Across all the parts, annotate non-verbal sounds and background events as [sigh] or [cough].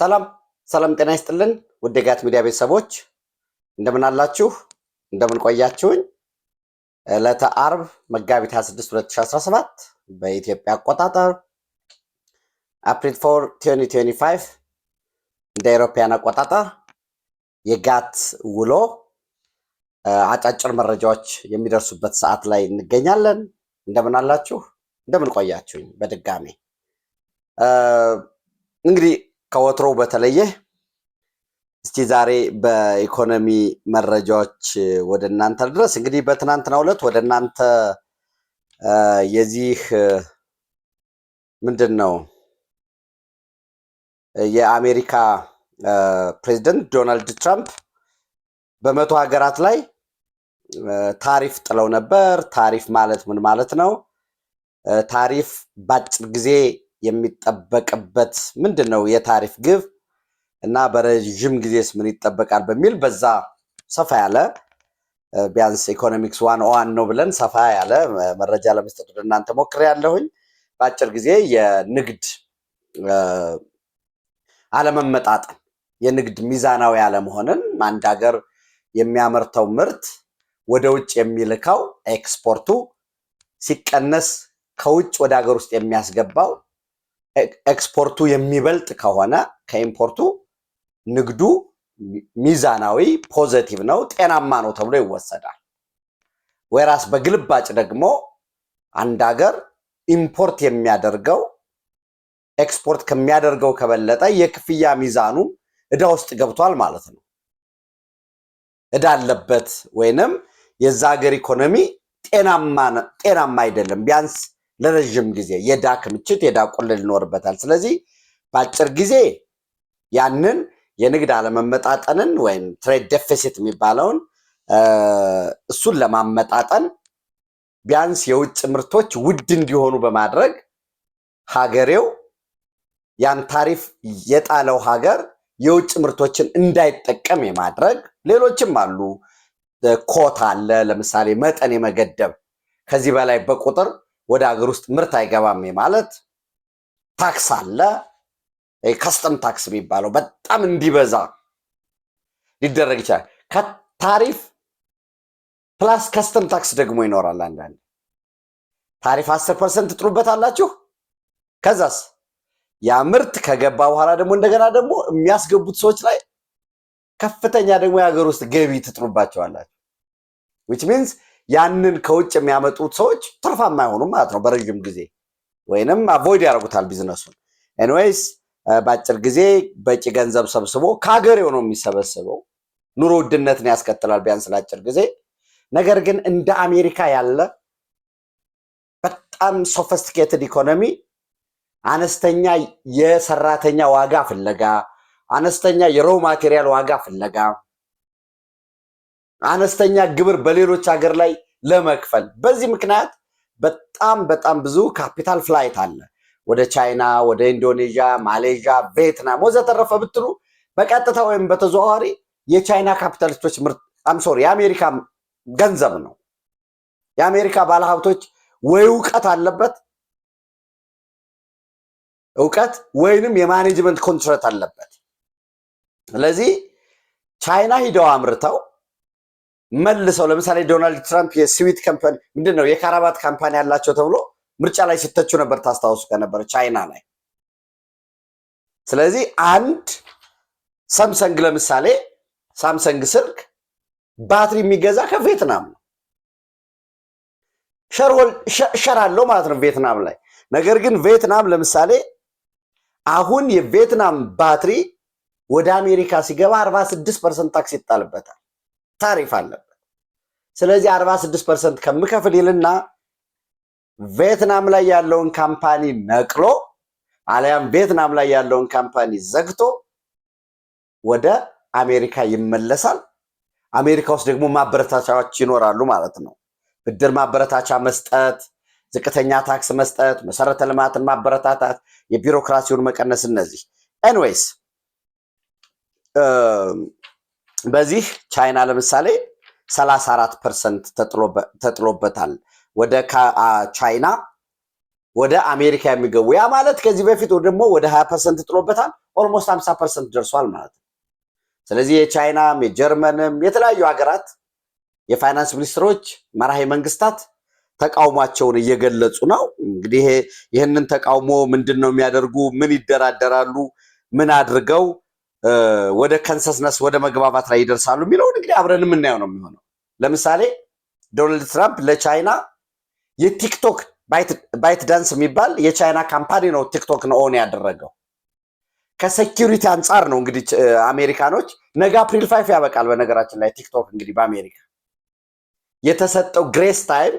ሰላም ሰላም፣ ጤና ይስጥልን ውድ ጋት ሚዲያ ቤተሰቦች እንደምን አላችሁ? እንደምን ቆያችሁኝ? ዕለተ አርብ መጋቢት 26 2017 በኢትዮጵያ አቆጣጠር አፕሪል 4 2025 እንደ አውሮፓውያን አቆጣጠር የጋት ውሎ አጫጭር መረጃዎች የሚደርሱበት ሰዓት ላይ እንገኛለን። እንደምን አላችሁ? እንደምን ቆያችሁኝ? በድጋሜ እንግዲህ ከወትሮ በተለየ እስቲ ዛሬ በኢኮኖሚ መረጃዎች ወደ እናንተ ድረስ እንግዲህ በትናንትናው ዕለት ወደ እናንተ የዚህ ምንድን ነው የአሜሪካ ፕሬዚደንት ዶናልድ ትራምፕ በመቶ ሀገራት ላይ ታሪፍ ጥለው ነበር። ታሪፍ ማለት ምን ማለት ነው? ታሪፍ በአጭር ጊዜ የሚጠበቅበት ምንድን ነው የታሪፍ ግብ እና በረዥም ጊዜስ ምን ይጠበቃል በሚል በዛ ሰፋ ያለ ቢያንስ ኢኮኖሚክስ ዋን ዋን ነው ብለን ሰፋ ያለ መረጃ ለመስጠት ወደ እናንተ ያለሁኝ በአጭር ጊዜ የንግድ አለመመጣጠን፣ የንግድ ሚዛናዊ አለመሆንን አንድ ሀገር የሚያመርተው ምርት ወደ ውጭ የሚልካው ኤክስፖርቱ ሲቀነስ ከውጭ ወደ ሀገር ውስጥ የሚያስገባው ኤክስፖርቱ የሚበልጥ ከሆነ ከኢምፖርቱ ንግዱ ሚዛናዊ ፖዘቲቭ ነው፣ ጤናማ ነው ተብሎ ይወሰዳል። ወይራስ በግልባጭ ደግሞ አንድ ሀገር ኢምፖርት የሚያደርገው ኤክስፖርት ከሚያደርገው ከበለጠ የክፍያ ሚዛኑ እዳ ውስጥ ገብቷል ማለት ነው። እዳ አለበት ወይንም የዛ ሀገር ኢኮኖሚ ጤናማ አይደለም ቢያንስ ለረዥም ጊዜ የዳ ክምችት የዳ ቁልል ይኖርበታል። ስለዚህ በአጭር ጊዜ ያንን የንግድ አለመመጣጠንን ወይም ትሬድ ዴፊሲት የሚባለውን እሱን ለማመጣጠን ቢያንስ የውጭ ምርቶች ውድ እንዲሆኑ በማድረግ ሀገሬው ያን ታሪፍ የጣለው ሀገር የውጭ ምርቶችን እንዳይጠቀም የማድረግ ሌሎችም አሉ። ኮታ አለ፣ ለምሳሌ መጠን የመገደብ ከዚህ በላይ በቁጥር ወደ ሀገር ውስጥ ምርት አይገባም ማለት ታክስ አለ። ከስተም ታክስ የሚባለው በጣም እንዲበዛ ሊደረግ ይችላል። ከታሪፍ ፕላስ ከስተም ታክስ ደግሞ ይኖራል። አንዳንድ ታሪፍ አስር ፐርሰንት ጥሩበት አላችሁ። ከዛስ ያ ምርት ከገባ በኋላ ደግሞ እንደገና ደግሞ የሚያስገቡት ሰዎች ላይ ከፍተኛ ደግሞ የሀገር ውስጥ ገቢ ትጥሩባቸዋላችሁ ዊች ሚንስ ያንን ከውጭ የሚያመጡት ሰዎች ትርፋማ አይሆኑም ማለት ነው በረዥም ጊዜ ወይንም አቮይድ ያደርጉታል ቢዝነሱን። ኤንዌይስ በአጭር ጊዜ በቂ ገንዘብ ሰብስቦ ከሀገሬው ነው የሚሰበስበው። ኑሮ ውድነትን ያስከትላል ቢያንስ ለአጭር ጊዜ። ነገር ግን እንደ አሜሪካ ያለ በጣም ሶፈስቲኬትድ ኢኮኖሚ አነስተኛ የሰራተኛ ዋጋ ፍለጋ፣ አነስተኛ የሮው ማቴሪያል ዋጋ ፍለጋ አነስተኛ ግብር በሌሎች ሀገር ላይ ለመክፈል። በዚህ ምክንያት በጣም በጣም ብዙ ካፒታል ፍላይት አለ ወደ ቻይና፣ ወደ ኢንዶኔዥያ፣ ማሌዥያ፣ ቪየትናም ወዘተረፈ ብትሉ በቀጥታ ወይም በተዘዋዋሪ የቻይና ካፒታሊስቶች ምርት አምሶሪ የአሜሪካ ገንዘብ ነው። የአሜሪካ ባለሀብቶች ወይ እውቀት አለበት እውቀት ወይንም የማኔጅመንት ኮንትራት አለበት። ስለዚህ ቻይና ሂደው አምርተው መልሰው ለምሳሌ ዶናልድ ትራምፕ የስዊት ካምፓኒ ምንድን ነው የካራባት ካምፓኒ ያላቸው ተብሎ ምርጫ ላይ ሲተቹ ነበር፣ ታስታውሱ ከነበረ ቻይና ላይ። ስለዚህ አንድ ሳምሰንግ ለምሳሌ ሳምሰንግ ስልክ ባትሪ የሚገዛ ከቬትናም ነው፣ ሸር አለው ማለት ነው ቬትናም ላይ። ነገር ግን ቬትናም ለምሳሌ አሁን የቬትናም ባትሪ ወደ አሜሪካ ሲገባ 46 ፐርሰንት ታክስ ይጣልበታል። ታሪፍ አለበት። ስለዚህ 46 ፐርሰንት ከምከፍል ይልና ቪየትናም ላይ ያለውን ካምፓኒ ነቅሎ አሊያም ቪየትናም ላይ ያለውን ካምፓኒ ዘግቶ ወደ አሜሪካ ይመለሳል። አሜሪካ ውስጥ ደግሞ ማበረታቻዎች ይኖራሉ ማለት ነው። ብድር ማበረታቻ መስጠት፣ ዝቅተኛ ታክስ መስጠት፣ መሰረተ ልማትን ማበረታታት፣ የቢሮክራሲውን መቀነስ፣ እነዚህ ኤንዌይስ በዚህ ቻይና ለምሳሌ 34 ፐርሰንት ተጥሎበታል። ወደ ቻይና ወደ አሜሪካ የሚገቡ ያ ማለት ከዚህ በፊት ደግሞ ወደ 20 ፐርሰንት ጥሎበታል። ኦልሞስት 50 ፐርሰንት ደርሷል ማለት ነው። ስለዚህ የቻይናም የጀርመንም የተለያዩ ሀገራት የፋይናንስ ሚኒስትሮች፣ መራሄ መንግስታት ተቃውሟቸውን እየገለጹ ነው። እንግዲህ ይህንን ተቃውሞ ምንድን ነው የሚያደርጉ? ምን ይደራደራሉ? ምን አድርገው ወደ ከንሰስነስ ወደ መግባባት ላይ ይደርሳሉ የሚለውን እንግዲህ አብረን የምናየው ነው የሚሆነው። ለምሳሌ ዶናልድ ትራምፕ ለቻይና የቲክቶክ ባይት ዳንስ የሚባል የቻይና ካምፓኒ ነው ቲክቶክን ኦን ያደረገው። ከሴኪሪቲ አንጻር ነው እንግዲህ አሜሪካኖች ነገ አፕሪል ፋይፍ ያበቃል። በነገራችን ላይ ቲክቶክ እንግዲህ በአሜሪካ የተሰጠው ግሬስ ታይም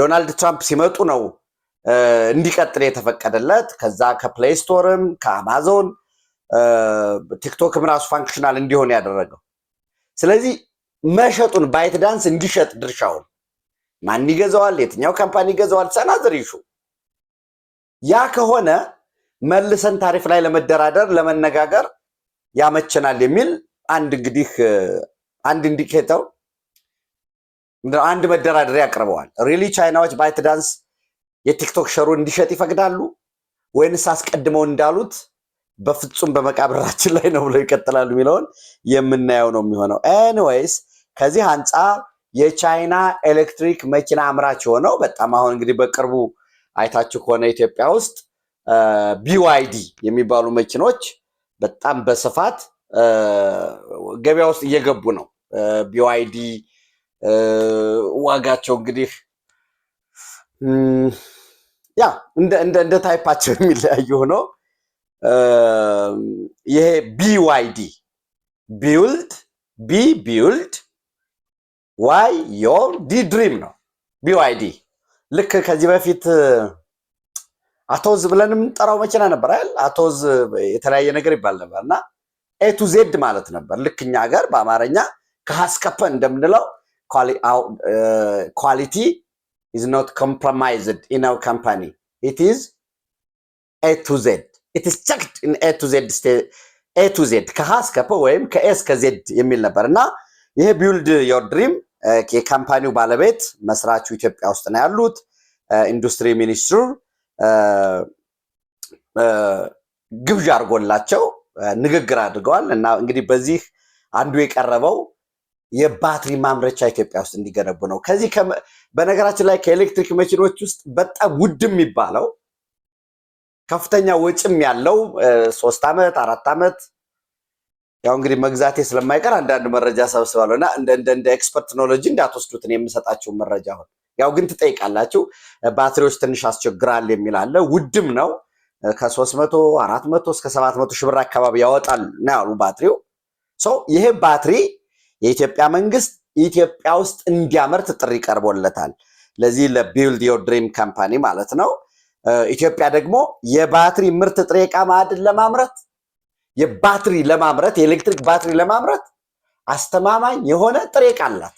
ዶናልድ ትራምፕ ሲመጡ ነው እንዲቀጥል የተፈቀደለት። ከዛ ከፕሌይ ስቶርም ከአማዞን ቲክቶክም ራሱ ፋንክሽናል እንዲሆን ያደረገው። ስለዚህ መሸጡን ባይት ዳንስ እንዲሸጥ ድርሻውን ማን ይገዛዋል? የትኛው ካምፓኒ ይገዛዋል? ሰናዝር ይሹ። ያ ከሆነ መልሰን ታሪፍ ላይ ለመደራደር ለመነጋገር ያመቸናል የሚል አንድ እንግዲህ አንድ ኢንዲኬተር አንድ መደራደሪያ ያቀርበዋል። ሪሊ ቻይናዎች ባይት ዳንስ የቲክቶክ ሸሩን እንዲሸጥ ይፈቅዳሉ ወይንስ አስቀድመው እንዳሉት በፍጹም በመቃብራችን ላይ ነው ብለው ይቀጥላሉ የሚለውን የምናየው ነው የሚሆነው። ኤኒዌይስ ከዚህ አንጻር የቻይና ኤሌክትሪክ መኪና አምራች የሆነው በጣም አሁን እንግዲህ በቅርቡ አይታችሁ ከሆነ ኢትዮጵያ ውስጥ ቢዋይዲ የሚባሉ መኪኖች በጣም በስፋት ገበያ ውስጥ እየገቡ ነው። ቢዋይዲ ዋጋቸው እንግዲህ ያ እንደ ታይፓቸው የሚለያዩ ነው። ይሄ ቢዋይዲ ቢውልድ ቢ ቢውልድ ዋይ ዮር ዲ ድሪም ነው። ቢዋይዲ ልክ ከዚህ በፊት አቶዝ ብለን የምንጠራው መኪና ነበር አይደል? አቶዝ የተለያየ ነገር ይባል ነበር እና ኤ ዜድ ማለት ነበር። ልክ እኛ ሀገር በአማርኛ ከሀስከፐ እንደምንለው ኳሊቲ ኢዝ ኖት ኮምፕሮማይዝድ ኢን አወር ካምፓኒ ኢት ኢዝ ኤ ዜድ ኢትስ ኢን ኤ ቱ ዜድ ኤ ቱ ዜድ ከሀ እስከ ፖ ወይም ከኤ እስከ ዜድ የሚል ነበር እና ይሄ ቢውልድ ዮር ድሪም የካምፓኒው ባለቤት መስራቹ ኢትዮጵያ ውስጥ ነው ያሉት። ኢንዱስትሪ ሚኒስትሩ ግብዣ አድርጎላቸው ንግግር አድርገዋል እና እንግዲህ በዚህ አንዱ የቀረበው የባትሪ ማምረቻ ኢትዮጵያ ውስጥ እንዲገነቡ ነው። ከዚህ በነገራችን ላይ ከኤሌክትሪክ መኪኖች ውስጥ በጣም ውድ የሚባለው ከፍተኛ ወጪም ያለው ሶስት ዓመት አራት ዓመት ያው እንግዲህ መግዛቴ ስለማይቀር አንዳንድ መረጃ ሰብስባለሁ እና እንደ ኤክስፐርት ኖሎጂ እንዳትወስዱት የምሰጣችሁ መረጃ አሁን ያው ግን ትጠይቃላችሁ። ባትሪዎች ትንሽ አስቸግራል የሚል አለ። ውድም ነው ከሶስት መቶ አራት መቶ እስከ ሰባት መቶ ሺህ ብር አካባቢ ያወጣል ነው ያሉ ባትሪው ሰው። ይሄ ባትሪ የኢትዮጵያ መንግስት ኢትዮጵያ ውስጥ እንዲያመርት ጥሪ ቀርቦለታል። ለዚህ ለቢልድ ዮር ድሪም ካምፓኒ ማለት ነው። ኢትዮጵያ ደግሞ የባትሪ ምርት ጥሬ ዕቃ ማዕድን ለማምረት የባትሪ ለማምረት የኤሌክትሪክ ባትሪ ለማምረት አስተማማኝ የሆነ ጥሬ ዕቃ አላት።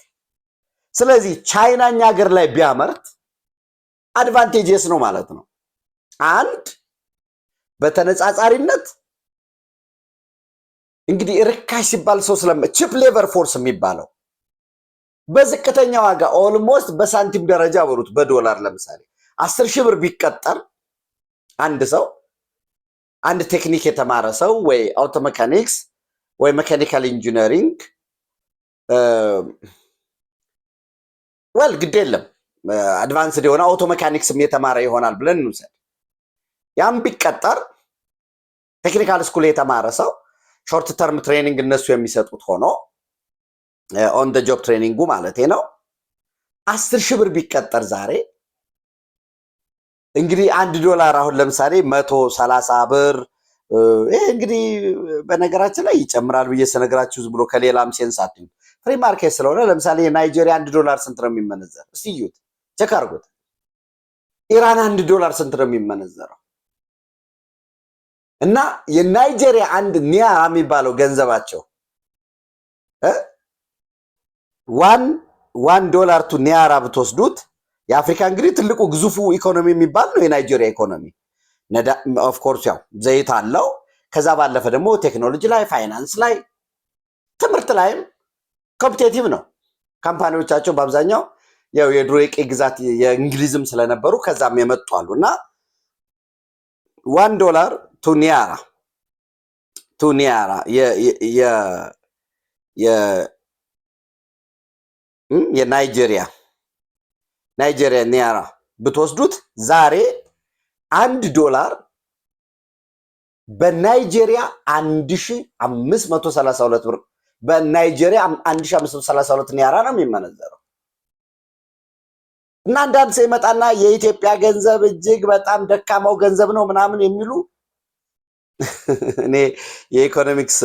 ስለዚህ ቻይና እኛ ሀገር ላይ ቢያመርት አድቫንቴጅስ ነው ማለት ነው። አንድ በተነጻጻሪነት እንግዲህ ርካሽ ሲባል ሰው ስለ ቺፕ ሌበር ፎርስ የሚባለው በዝቅተኛ ዋጋ ኦልሞስት በሳንቲም ደረጃ በሩት በዶላር ለምሳሌ አስር ሺህ ብር ቢቀጠር አንድ ሰው አንድ ቴክኒክ የተማረ ሰው ወይ አውቶ መካኒክስ ወይ መካኒካል ኢንጂነሪንግ ወል ግድ የለም አድቫንስድ የሆነ አውቶ መካኒክስም የተማረ ይሆናል ብለን እንውሰድ። ያም ቢቀጠር ቴክኒካል ስኩል የተማረ ሰው ሾርት ተርም ትሬኒንግ እነሱ የሚሰጡት ሆኖ ኦን ደ ጆብ ትሬኒንጉ ማለት ነው። አስር ሺህ ብር ቢቀጠር ዛሬ እንግዲህ አንድ ዶላር አሁን ለምሳሌ መቶ ሰላሳ ብር ይህ እንግዲህ በነገራችን ላይ ይጨምራል ብዬ ስነግራችሁ ዝም ብሎ ከሌላም ሴንስ አትዩት። ፍሪ ማርኬት ስለሆነ ለምሳሌ የናይጄሪያ አንድ ዶላር ስንት ነው የሚመነዘረው? እስቲ እዩት፣ ቼክ አርጉት። ኢራን አንድ ዶላር ስንት ነው የሚመነዘረው? እና የናይጄሪያ አንድ ኒያ የሚባለው ገንዘባቸው ዋን ዋን ዶላር ቱ ኒያራ ብትወስዱት የአፍሪካ እንግዲህ ትልቁ ግዙፉ ኢኮኖሚ የሚባል ነው የናይጄሪያ ኢኮኖሚ። ኦፍኮርስ ያው ዘይት አለው። ከዛ ባለፈ ደግሞ ቴክኖሎጂ ላይ፣ ፋይናንስ ላይ፣ ትምህርት ላይም ኮምፒቴቲቭ ነው። ካምፓኒዎቻቸው በአብዛኛው ያው የድሮ የቅኝ ግዛት የእንግሊዝም ስለነበሩ ከዛም የመጡ አሉ እና ዋን ዶላር ቱኒያራ ቱኒያራ የናይጄሪያ ናይጄሪያ ኒያራ ብትወስዱት ዛሬ አንድ ዶላር በናይጄሪያ 1532 ብር በናይጄሪያ 1532 ኒያራ ነው የሚመነዘረው። እና አንዳንድ ሰው ይመጣና የኢትዮጵያ ገንዘብ እጅግ በጣም ደካማው ገንዘብ ነው ምናምን የሚሉ እኔ የኢኮኖሚክስ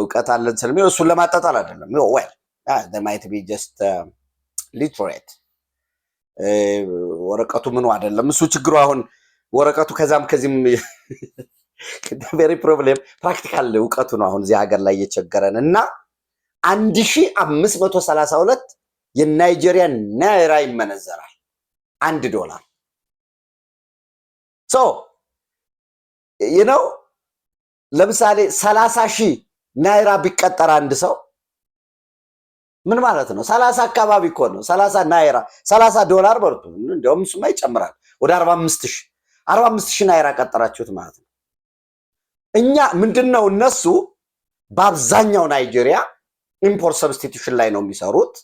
እውቀት አለን ስለሚ እሱን ለማጣጣል አይደለም ወይ ማይት ቢ ጀስት ሊትሬት ወረቀቱ ምኑ አይደለም እሱ ችግሩ። አሁን ወረቀቱ ከዛም ከዚህም ቬሪ ፕሮብሌም ፕራክቲካል እውቀቱ ነው አሁን እዚህ ሀገር ላይ እየቸገረን እና አንድ ሺ አምስት መቶ ሰላሳ ሁለት የናይጄሪያ ናይራ ይመነዘራል አንድ ዶላር ሶ ይህ ነው። ለምሳሌ ሰላሳ ሺህ ናይራ ቢቀጠር አንድ ሰው ምን ማለት ነው? ሰላሳ አካባቢ እኮ ነው። ሰላሳ ናይራ ሰላሳ ዶላር በርቱ። እንዲያውም እሱማ ይጨምራል ወደ አርባ አምስት ሺህ አርባ አምስት ሺህ ናይራ ቀጠራችሁት ማለት ነው። እኛ ምንድን ነው እነሱ በአብዛኛው ናይጄሪያ ኢምፖርት ሰብስቲቱሽን ላይ ነው የሚሰሩት።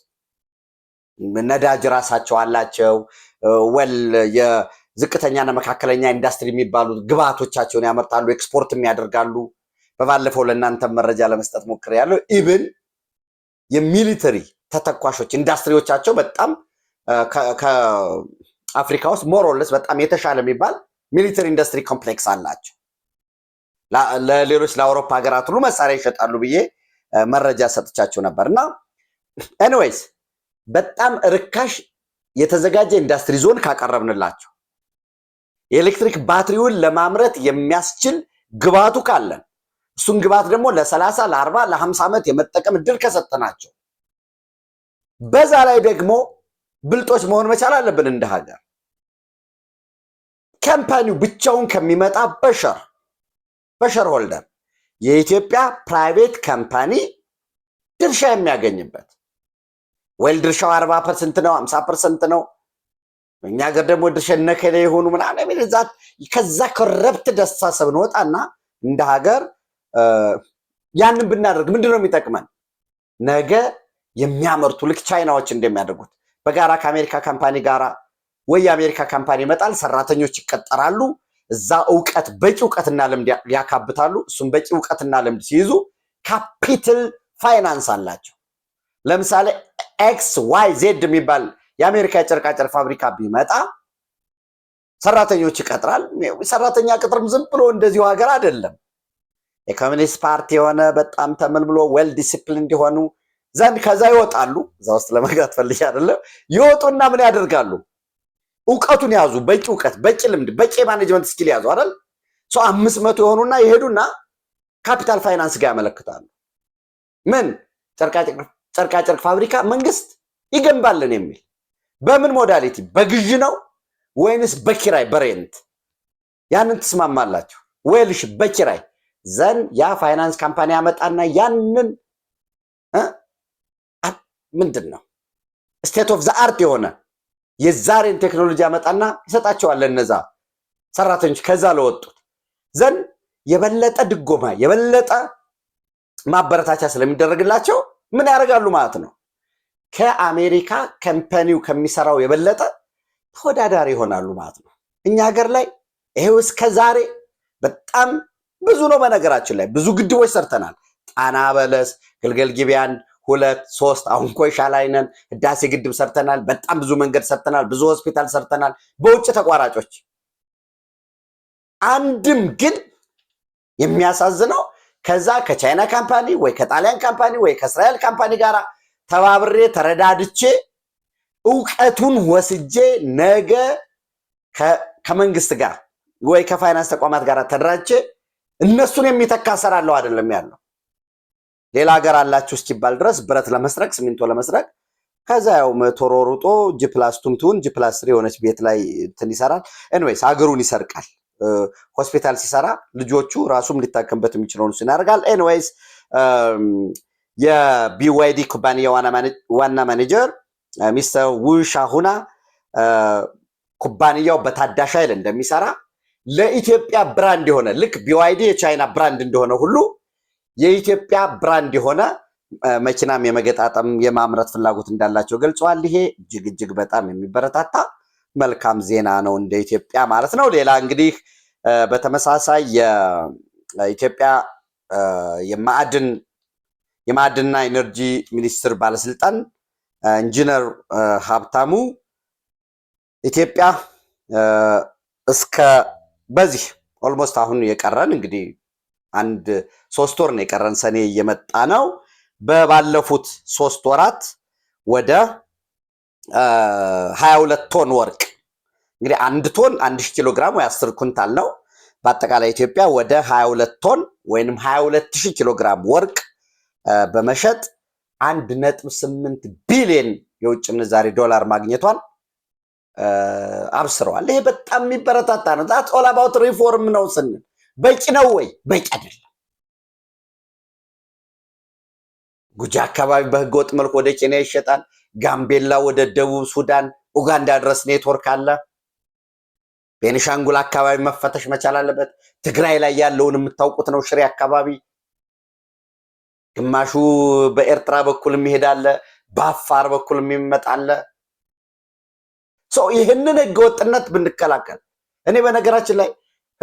ነዳጅ ራሳቸው አላቸው። ወል የዝቅተኛና መካከለኛ ኢንዱስትሪ የሚባሉት ግብአቶቻቸውን ያመርታሉ፣ ኤክስፖርትም ያደርጋሉ። በባለፈው ለእናንተ መረጃ ለመስጠት ሞክሬያለሁ። ኢብን የሚሊተሪ ተተኳሾች ኢንዳስትሪዎቻቸው በጣም ከአፍሪካ ውስጥ ሞሮለስ በጣም የተሻለ የሚባል ሚሊተሪ ኢንዱስትሪ ኮምፕሌክስ አላቸው። ለሌሎች ለአውሮፓ ሀገራት ሁሉ መሳሪያ ይሸጣሉ ብዬ መረጃ ሰጥቻቸው ነበር። እና ኤኒዌይስ በጣም ርካሽ የተዘጋጀ ኢንዱስትሪ ዞን ካቀረብንላቸው የኤሌክትሪክ ባትሪውን ለማምረት የሚያስችል ግብአቱ ካለን እሱን ግብዓት ደግሞ ለሰላሳ ለአርባ ለሀምሳ ዓመት የመጠቀም እድል ከሰጠናቸው በዛ ላይ ደግሞ ብልጦች መሆን መቻል አለብን እንደ ሀገር። ካምፓኒው ብቻውን ከሚመጣ በሸር በሸር ሆልደር የኢትዮጵያ ፕራይቬት ካምፓኒ ድርሻ የሚያገኝበት ወይል ድርሻው አርባ ፐርሰንት ነው ሀምሳ ፐርሰንት ነው። እኛ ሀገር ደግሞ ድርሻ እነከሌ የሆኑ ምናምን ከዛ ከረብት ደስታ ሰብ እንወጣና እንደ ሀገር ያንን ብናደርግ ምንድን ነው የሚጠቅመን? ነገ የሚያመርቱ ልክ ቻይናዎች እንደሚያደርጉት በጋራ ከአሜሪካ ካምፓኒ ጋራ ወይ የአሜሪካ ካምፓኒ ይመጣል፣ ሰራተኞች ይቀጠራሉ። እዛ እውቀት በቂ እውቀትና ልምድ ያካብታሉ። እሱም በቂ እውቀትና ልምድ ሲይዙ ካፒታል ፋይናንስ አላቸው። ለምሳሌ ኤክስ ዋይ ዜድ የሚባል የአሜሪካ የጨርቃጨር ፋብሪካ ቢመጣ ሰራተኞች ይቀጥራል። ሰራተኛ ቅጥርም ዝም ብሎ እንደዚሁ ሀገር አይደለም። የኮሚኒስት ፓርቲ የሆነ በጣም ተመልምሎ ዌል ዲሲፕሊን እንዲሆኑ ዘንድ ከዛ ይወጣሉ። እዛ ውስጥ ለመግባት ፈልጌ አይደለም። ይወጡና ምን ያደርጋሉ? እውቀቱን ያዙ። በቂ እውቀት፣ በቂ ልምድ፣ በቂ ማኔጅመንት ስኪል ያዙ አይደል? ሰው አምስት መቶ የሆኑና ይሄዱና ካፒታል ፋይናንስ ጋር ያመለክታሉ። ምን ጨርቃጨርቅ ፋብሪካ መንግስት ይገንባልን የሚል በምን ሞዳሊቲ በግዥ ነው ወይንስ በኪራይ በሬንት? ያንን ትስማማላችሁ? ወይልሽ በኪራይ ዘን ያ ፋይናንስ ካምፓኒ ያመጣና ያንን ምንድን ነው ስቴት ኦፍ ዘ አርት የሆነ የዛሬን ቴክኖሎጂ ያመጣና ይሰጣቸዋል እነዛ ሰራተኞች ከዛ ለወጡት ዘን የበለጠ ድጎማ የበለጠ ማበረታቻ ስለሚደረግላቸው ምን ያደርጋሉ ማለት ነው። ከአሜሪካ ከምፐኒው ከሚሰራው የበለጠ ተወዳዳሪ ይሆናሉ ማለት ነው። እኛ ሀገር ላይ ይሄው እስከ ዛሬ በጣም ብዙ ነው። በነገራችን ላይ ብዙ ግድቦች ሰርተናል። ጣና በለስ፣ ግልገል ጊቤ አንድ ሁለት ሶስት፣ አሁን ኮይሻ ላይ ነን። ህዳሴ ግድብ ሰርተናል። በጣም ብዙ መንገድ ሰርተናል። ብዙ ሆስፒታል ሰርተናል። በውጭ ተቋራጮች አንድም ግን የሚያሳዝነው ከዛ ከቻይና ካምፓኒ ወይ ከጣሊያን ካምፓኒ ወይ ከእስራኤል ካምፓኒ ጋር ተባብሬ ተረዳድቼ እውቀቱን ወስጄ ነገ ከመንግስት ጋር ወይ ከፋይናንስ ተቋማት ጋር ተደራጅቼ እነሱን የሚተካ ሰራለሁ አይደለም ያለው። ሌላ ሀገር አላችሁ እስኪባል ድረስ ብረት ለመስረቅ ሲሚንቶ ለመስረቅ ከዛ ያው መቶሮ ሩጦ ጂፕላስ ቱምቱን ጂፕላስ ትሪ የሆነች ቤት ላይ እንትን ይሰራል። ኤንዌይስ ሀገሩን ይሰርቃል። ሆስፒታል ሲሰራ ልጆቹ ራሱም ሊታከምበት የሚችለውን እሱን ያደርጋል። ኤንዌይስ የቢዋይዲ ኩባንያ ዋና ማኔጀር ሚስተር ውሻ ኩባንያው በታዳሽ ኃይል እንደሚሰራ ለኢትዮጵያ ብራንድ የሆነ ልክ ቢዋይዲ የቻይና ብራንድ እንደሆነ ሁሉ የኢትዮጵያ ብራንድ የሆነ መኪናም የመገጣጠም የማምረት ፍላጎት እንዳላቸው ገልጸዋል። ይሄ እጅግ እጅግ በጣም የሚበረታታ መልካም ዜና ነው እንደ ኢትዮጵያ ማለት ነው። ሌላ እንግዲህ በተመሳሳይ የኢትዮጵያ የማዕድን የማዕድንና ኢነርጂ ሚኒስትር ባለስልጣን ኢንጂነር ሀብታሙ ኢትዮጵያ እስከ በዚህ ኦልሞስት አሁን የቀረን እንግዲህ አንድ ሶስት ወር ነው የቀረን፣ ሰኔ እየመጣ ነው። በባለፉት ሶስት ወራት ወደ ሀያ ሁለት ቶን ወርቅ እንግዲህ አንድ ቶን አንድ ሺህ ኪሎ ግራም ወይ አስር ኩንታል ነው። በአጠቃላይ ኢትዮጵያ ወደ ሀያ ሁለት ቶን ወይም ሀያ ሁለት ሺህ ኪሎ ግራም ወርቅ በመሸጥ አንድ ነጥብ ስምንት ቢሊየን የውጭ ምንዛሬ ዶላር ማግኘቷን አብስረዋል። ይሄ በጣም የሚበረታታ ነው። ዛት ኦል አባውት ሪፎርም ነው ስንል በቂ ነው ወይ? በቂ አይደለም። ጉጂ አካባቢ በህገወጥ መልኩ ወደ ኬንያ ይሸጣል። ጋምቤላ ወደ ደቡብ ሱዳን፣ ኡጋንዳ ድረስ ኔትወርክ አለ። ቤኒሻንጉል አካባቢ መፈተሽ መቻል አለበት። ትግራይ ላይ ያለውን የምታውቁት ነው። ሽሬ አካባቢ ግማሹ በኤርትራ በኩል የሚሄዳለ፣ በአፋር በኩል የሚመጣለ ሰው ይህንን ህገወጥነት ብንከላከል እኔ በነገራችን ላይ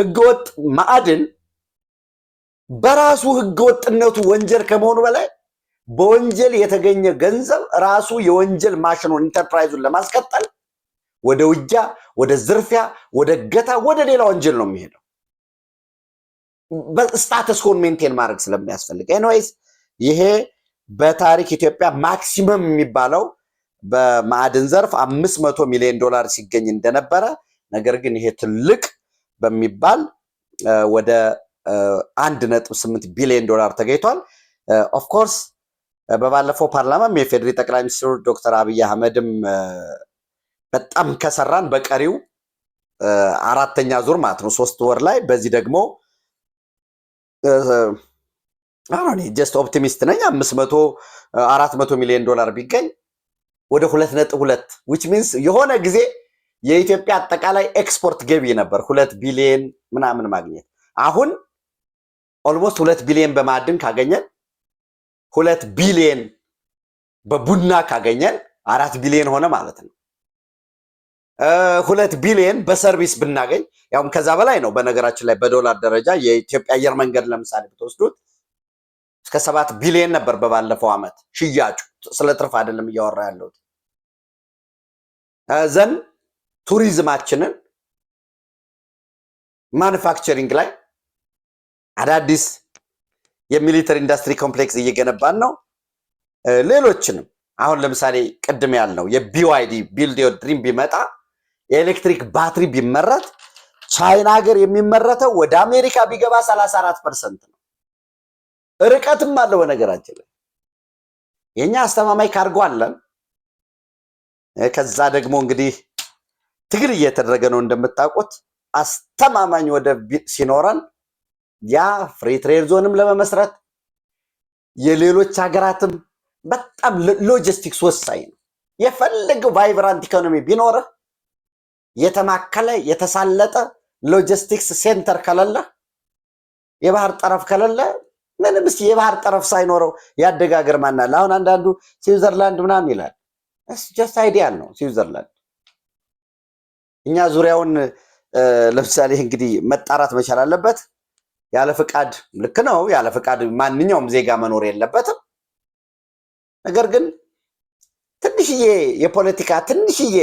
ህገወጥ ማዕድን በራሱ ህገወጥነቱ ወንጀል ከመሆኑ በላይ በወንጀል የተገኘ ገንዘብ ራሱ የወንጀል ማሽኑን ኢንተርፕራይዙን ለማስቀጠል ወደ ውጊያ፣ ወደ ዝርፊያ፣ ወደ እገታ፣ ወደ ሌላ ወንጀል ነው የሚሄደው። ኮን ሜንቴን ማድረግ ስለሚያስፈልግ ኤኒዌይስ ይሄ በታሪክ ኢትዮጵያ ማክሲመም የሚባለው በማዕድን ዘርፍ አምስት መቶ ሚሊዮን ዶላር ሲገኝ እንደነበረ ነገር ግን ይሄ ትልቅ በሚባል ወደ አንድ ነጥብ ስምንት ቢሊዮን ዶላር ተገኝቷል። ኦፍኮርስ በባለፈው ፓርላማም የፌዴሪ ጠቅላይ ሚኒስትሩ ዶክተር አብይ አህመድም በጣም ከሰራን በቀሪው አራተኛ ዙር ማለት ነው ሶስት ወር ላይ በዚህ ደግሞ ጀስት ኦፕቲሚስት ነኝ አምስት መቶ አራት መቶ ሚሊዮን ዶላር ቢገኝ ወደ ሁለት ነጥብ ሁለት ዊች ሚንስ የሆነ ጊዜ የኢትዮጵያ አጠቃላይ ኤክስፖርት ገቢ ነበር ሁለት ቢሊየን ምናምን ማግኘት። አሁን ኦልሞስት ሁለት ቢሊየን በማዕድን ካገኘን፣ ሁለት ቢሊየን በቡና ካገኘን አራት ቢሊየን ሆነ ማለት ነው። ሁለት ቢሊየን በሰርቪስ ብናገኝ ያውም ከዛ በላይ ነው። በነገራችን ላይ በዶላር ደረጃ የኢትዮጵያ አየር መንገድ ለምሳሌ ብትወስዱት እስከ ሰባት ቢሊየን ነበር በባለፈው ዓመት ሽያጩ ስለ ትርፍ አይደለም እያወራ ያለሁት። ዘን ቱሪዝማችንን ማኑፋክቸሪንግ ላይ አዳዲስ የሚሊተሪ ኢንዱስትሪ ኮምፕሌክስ እየገነባን ነው። ሌሎችንም አሁን ለምሳሌ ቅድም ያልነው የቢዋይዲ ቢልድ ዮር ድሪም ቢመጣ የኤሌክትሪክ ባትሪ ቢመረት ቻይና ሀገር የሚመረተው ወደ አሜሪካ ቢገባ 34 ፐርሰንት ነው። ርቀትም አለው በነገራችን ላይ የኛ አስተማማኝ ካርጎ አለን። ከዛ ደግሞ እንግዲህ ትግል እየተደረገ ነው እንደምታውቁት። አስተማማኝ ወደብ ሲኖረን ያ ፍሪ ትሬድ ዞንም ለመመስረት የሌሎች ሀገራትም በጣም ሎጂስቲክስ ወሳኝ ነው። የፈለገው ቫይብራንት ኢኮኖሚ ቢኖርህ የተማከለ የተሳለጠ ሎጂስቲክስ ሴንተር ከሌለ የባህር ጠረፍ ከሌለ ምንም ስ የባህር ጠረፍ ሳይኖረው ያደጋገር ማናለ። አሁን አንዳንዱ ስዊዘርላንድ ምናምን ይላል። ጀስት አይዲያል ነው ስዊዘርላንድ። እኛ ዙሪያውን ለምሳሌ እንግዲህ መጣራት መቻል አለበት። ያለ ፍቃድ ልክ ነው። ያለ ፍቃድ ማንኛውም ዜጋ መኖር የለበትም። ነገር ግን ትንሽዬ የፖለቲካ ትንሽዬ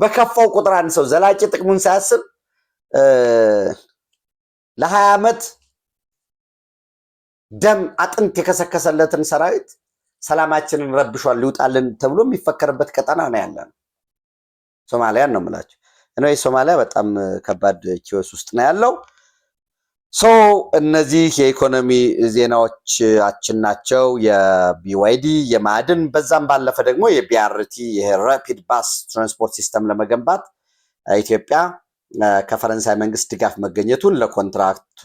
በከፋው ቁጥር አንድ ሰው ዘላቂ ጥቅሙን ሳያስብ ለሀያ ዓመት ደም አጥንት የከሰከሰለትን ሰራዊት ሰላማችንን ረብሿል ሊውጣልን ተብሎ የሚፈከርበት ቀጠና ነው ነው። ሶማሊያን ነው የምላቸው እኔ ሶማሊያ በጣም ከባድ ኪዮስ ውስጥ ነው ያለው። እነዚህ የኢኮኖሚ አችን ናቸው። የቢዋይዲ የማዕድን በዛም ባለፈ ደግሞ የቢአርቲ ይሄ ባስ ትራንስፖርት ሲስተም ለመገንባት ኢትዮጵያ ከፈረንሳይ መንግስት ድጋፍ መገኘቱን ለኮንትራክቱ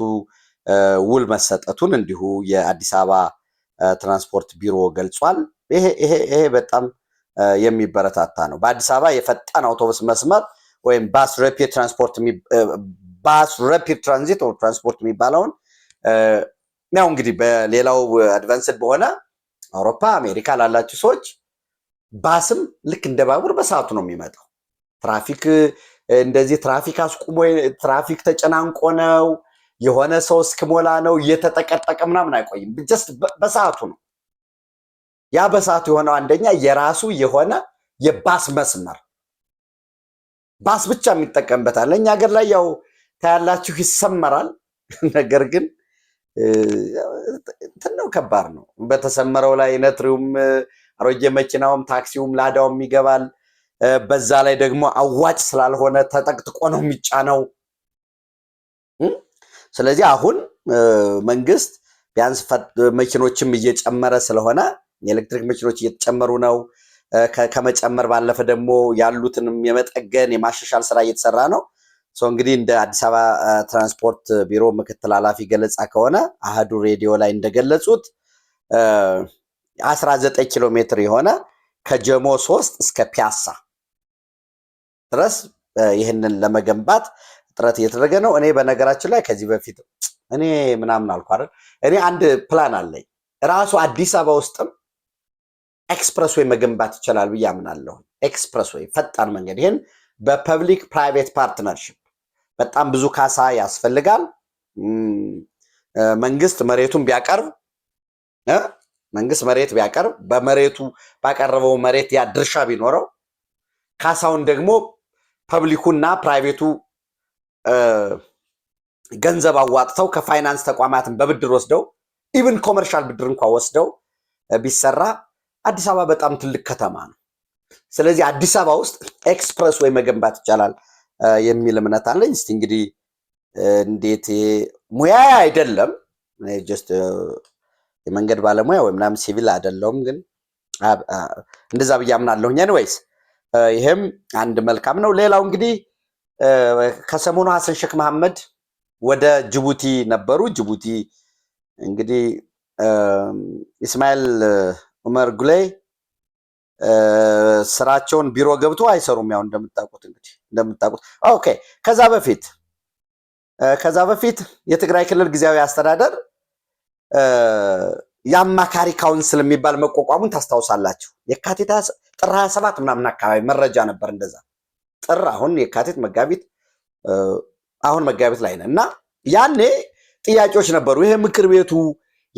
ውል መሰጠቱን እንዲሁ የአዲስ አበባ ትራንስፖርት ቢሮ ገልጿል። ይሄ በጣም የሚበረታታ ነው። በአዲስ አበባ የፈጣን አውቶቡስ መስመር ወይም ባስ ረፒድ ትራንስፖርት ባስ ረፒድ ትራንዚት ትራንስፖርት የሚባለውን ያው እንግዲህ በሌላው አድቫንስድ በሆነ አውሮፓ አሜሪካ ላላችሁ ሰዎች ባስም ልክ እንደ ባቡር በሰዓቱ ነው የሚመጣው። ትራፊክ እንደዚህ ትራፊክ አስቁሞ ትራፊክ ተጨናንቆ ነው የሆነ ሰው እስክሞላ ነው እየተጠቀጠቀ ምናምን አይቆይም። ጀስት በሰዓቱ ነው። ያ በሰዓቱ የሆነው አንደኛ የራሱ የሆነ የባስ መስመር ባስ ብቻ የሚጠቀምበታል። እኛ ሀገር ላይ ያው ታያላችሁ ይሰመራል። [laughs] ነገር ግን ትነው ከባድ ነው። በተሰመረው ላይ ነትሪውም፣ አሮጌ መኪናውም፣ ታክሲውም ላዳውም ይገባል። በዛ ላይ ደግሞ አዋጭ ስላልሆነ ተጠቅጥቆ ነው የሚጫነው። ስለዚህ አሁን መንግስት ቢያንስ መኪኖችም እየጨመረ ስለሆነ የኤሌክትሪክ መኪኖች እየተጨመሩ ነው። ከመጨመር ባለፈ ደግሞ ያሉትንም የመጠገን የማሻሻል ስራ እየተሰራ ነው። እንግዲህ እንደ አዲስ አበባ ትራንስፖርት ቢሮ ምክትል ኃላፊ ገለጻ ከሆነ አህዱ ሬዲዮ ላይ እንደገለጹት 19 ኪሎ ሜትር የሆነ ከጀሞ ሶስት እስከ ፒያሳ ድረስ ይህንን ለመገንባት ጥረት እየተደረገ ነው። እኔ በነገራችን ላይ ከዚህ በፊት እኔ ምናምን አልኩ አይደል? እኔ አንድ ፕላን አለኝ። ራሱ አዲስ አበባ ውስጥም ኤክስፕረስ ወይ መገንባት ይቻላል ብዬ አምናለሁ። ኤክስፕረስ ወይ ፈጣን መንገድ፣ ይህን በፐብሊክ ፕራይቬት ፓርትነርሽፕ በጣም ብዙ ካሳ ያስፈልጋል። መንግስት መሬቱን ቢያቀርብ መንግስት መሬት ቢያቀርብ በመሬቱ ባቀረበው መሬት ያ ድርሻ ቢኖረው ካሳውን ደግሞ ፐብሊኩና ፕራይቬቱ ገንዘብ አዋጥተው ከፋይናንስ ተቋማትን በብድር ወስደው ኢቭን ኮመርሻል ብድር እንኳ ወስደው ቢሰራ አዲስ አበባ በጣም ትልቅ ከተማ ነው። ስለዚህ አዲስ አበባ ውስጥ ኤክስፕረስ ወይ መገንባት ይቻላል የሚል እምነት አለኝ። እስቲ እንግዲህ እንዴት ሙያ አይደለም ጀስት የመንገድ ባለሙያ ወይ ምናምን ሲቪል አይደለውም፣ ግን እንደዛ ብዬ አምናለሁኝ። ኤኒዌይስ ይህም አንድ መልካም ነው። ሌላው እንግዲህ ከሰሞኑ ሀሰን ሼክ መሐመድ ወደ ጅቡቲ ነበሩ። ጅቡቲ እንግዲህ ኢስማኤል ዑመር ጉሌይ ስራቸውን ቢሮ ገብቶ አይሰሩም። ያው እንደምታውቁት እንግዲህ እንደምታውቁት ኦኬ። ከዛ በፊት ከዛ በፊት የትግራይ ክልል ጊዜያዊ አስተዳደር የአማካሪ ካውንስል የሚባል መቋቋሙን ታስታውሳላችሁ። የካቲት ጥር 27 ምናምን አካባቢ መረጃ ነበር እንደዛ ጥር አሁን የካቲት መጋቢት አሁን መጋቢት ላይ ነን እና ያኔ ጥያቄዎች ነበሩ። ይሄ ምክር ቤቱ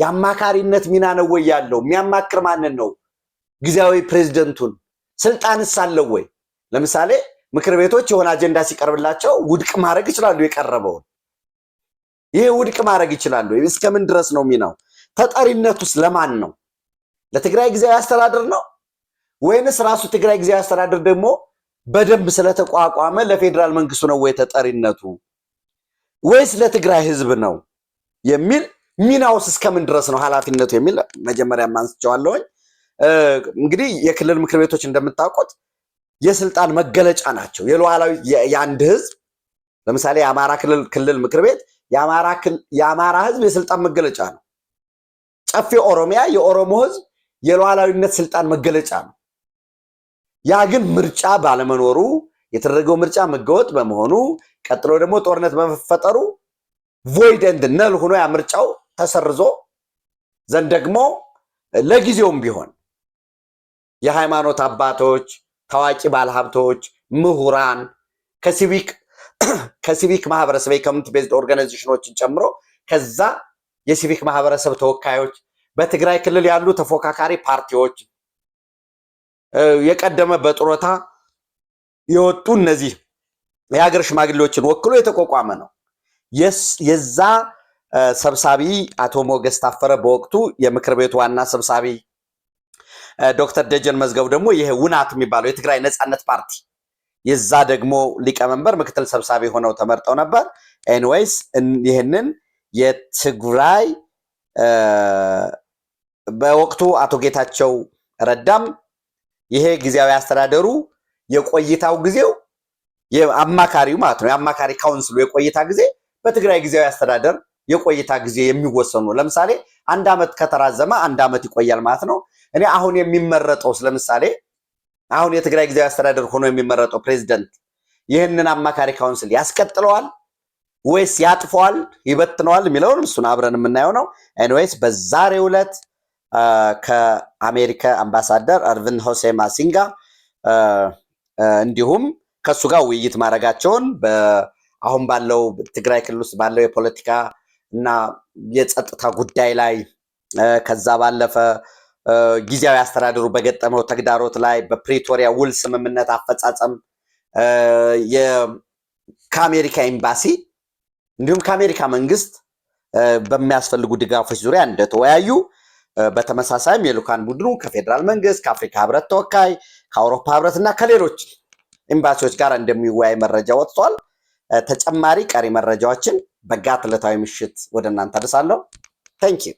የአማካሪነት ሚና ነው ወይ ያለው? የሚያማክር ማንን ነው? ጊዜያዊ ፕሬዚደንቱን። ስልጣንስ አለው ወይ? ለምሳሌ ምክር ቤቶች የሆነ አጀንዳ ሲቀርብላቸው ውድቅ ማድረግ ይችላሉ። የቀረበውን ይሄ ውድቅ ማድረግ ይችላሉ። እስከምን ድረስ ነው ሚናው? ተጠሪነቱስ ለማን ነው? ለትግራይ ጊዜያዊ አስተዳደር ነው ወይንስ ራሱ ትግራይ ጊዜያዊ አስተዳደር ደግሞ በደንብ ስለተቋቋመ ለፌዴራል መንግስቱ ነው ወይ ተጠሪነቱ ወይስ ለትግራይ ህዝብ ነው የሚል ሚናውስ እስከምን ድረስ ነው ኃላፊነቱ የሚል መጀመሪያ ማንስቸዋለሁኝ። እንግዲህ የክልል ምክር ቤቶች እንደምታውቁት የስልጣን መገለጫ ናቸው። የሉዓላዊ የአንድ ህዝብ ለምሳሌ የአማራ ክልል ክልል ምክር ቤት የአማራ ህዝብ የስልጣን መገለጫ ነው። ጨፌ ኦሮሚያ የኦሮሞ ህዝብ የሉዓላዊነት ስልጣን መገለጫ ነው። ያ ግን ምርጫ ባለመኖሩ የተደረገው ምርጫ መገወጥ በመሆኑ ቀጥሎ ደግሞ ጦርነት በመፈጠሩ ቮይደንድ ነል ሆኖ ያ ምርጫው ተሰርዞ ዘንድ ደግሞ ለጊዜውም ቢሆን የሃይማኖት አባቶች፣ ታዋቂ ባለሀብቶች፣ ምሁራን ከሲቪክ [clears throat] ከሲቪክ ማህበረሰብ የኮሚኒቲ ቤዝድ ኦርጋናይዜሽኖችን ጨምሮ ከዛ የሲቪክ ማህበረሰብ ተወካዮች በትግራይ ክልል ያሉ ተፎካካሪ ፓርቲዎች የቀደመ በጡረታ የወጡ እነዚህ የሀገር ሽማግሌዎችን ወክሎ የተቋቋመ ነው። የዛ ሰብሳቢ አቶ ሞገስ ታፈረ በወቅቱ የምክር ቤቱ ዋና ሰብሳቢ፣ ዶክተር ደጀን መዝገቡ ደግሞ ይሄ ውናት የሚባለው የትግራይ ነፃነት ፓርቲ የዛ ደግሞ ሊቀመንበር ምክትል ሰብሳቢ ሆነው ተመርጠው ነበር። ኤንዌይስ ይህንን የትግራይ በወቅቱ አቶ ጌታቸው ረዳም ይሄ ጊዜያዊ አስተዳደሩ የቆይታው ጊዜው የአማካሪው ማለት ነው የአማካሪ ካውንስሉ የቆይታ ጊዜ በትግራይ ጊዜያዊ አስተዳደር የቆይታ ጊዜ የሚወሰኑ ለምሳሌ አንድ ዓመት ከተራዘመ አንድ ዓመት ይቆያል ማለት ነው። እኔ አሁን የሚመረጠው ለምሳሌ አሁን የትግራይ ጊዜያዊ አስተዳደር ሆኖ የሚመረጠው ፕሬዚደንት ይህንን አማካሪ ካውንስል ያስቀጥለዋል ወይስ ያጥፈዋል፣ ይበትነዋል የሚለውን እሱን አብረን የምናየው ነው። ኤንዌይስ በዛሬው ዕለት ከአሜሪካ አምባሳደር አርቪን ሆሴ ማሲንጋ እንዲሁም ከእሱ ጋር ውይይት ማድረጋቸውን አሁን ባለው ትግራይ ክልል ውስጥ ባለው የፖለቲካ እና የጸጥታ ጉዳይ ላይ ከዛ ባለፈ ጊዜያዊ አስተዳደሩ በገጠመው ተግዳሮት ላይ በፕሪቶሪያ ውል ስምምነት አፈጻጸም ከአሜሪካ ኤምባሲ እንዲሁም ከአሜሪካ መንግስት በሚያስፈልጉ ድጋፎች ዙሪያ እንደተወያዩ በተመሳሳይም የልዑካን ቡድኑ ከፌዴራል መንግስት፣ ከአፍሪካ ህብረት ተወካይ፣ ከአውሮፓ ህብረት እና ከሌሎች ኤምባሲዎች ጋር እንደሚወያይ መረጃ ወጥቷል። ተጨማሪ ቀሪ መረጃዎችን በጋት ዕለታዊ ምሽት ወደ እናንተ አደርሳለሁ። ታንኪዩ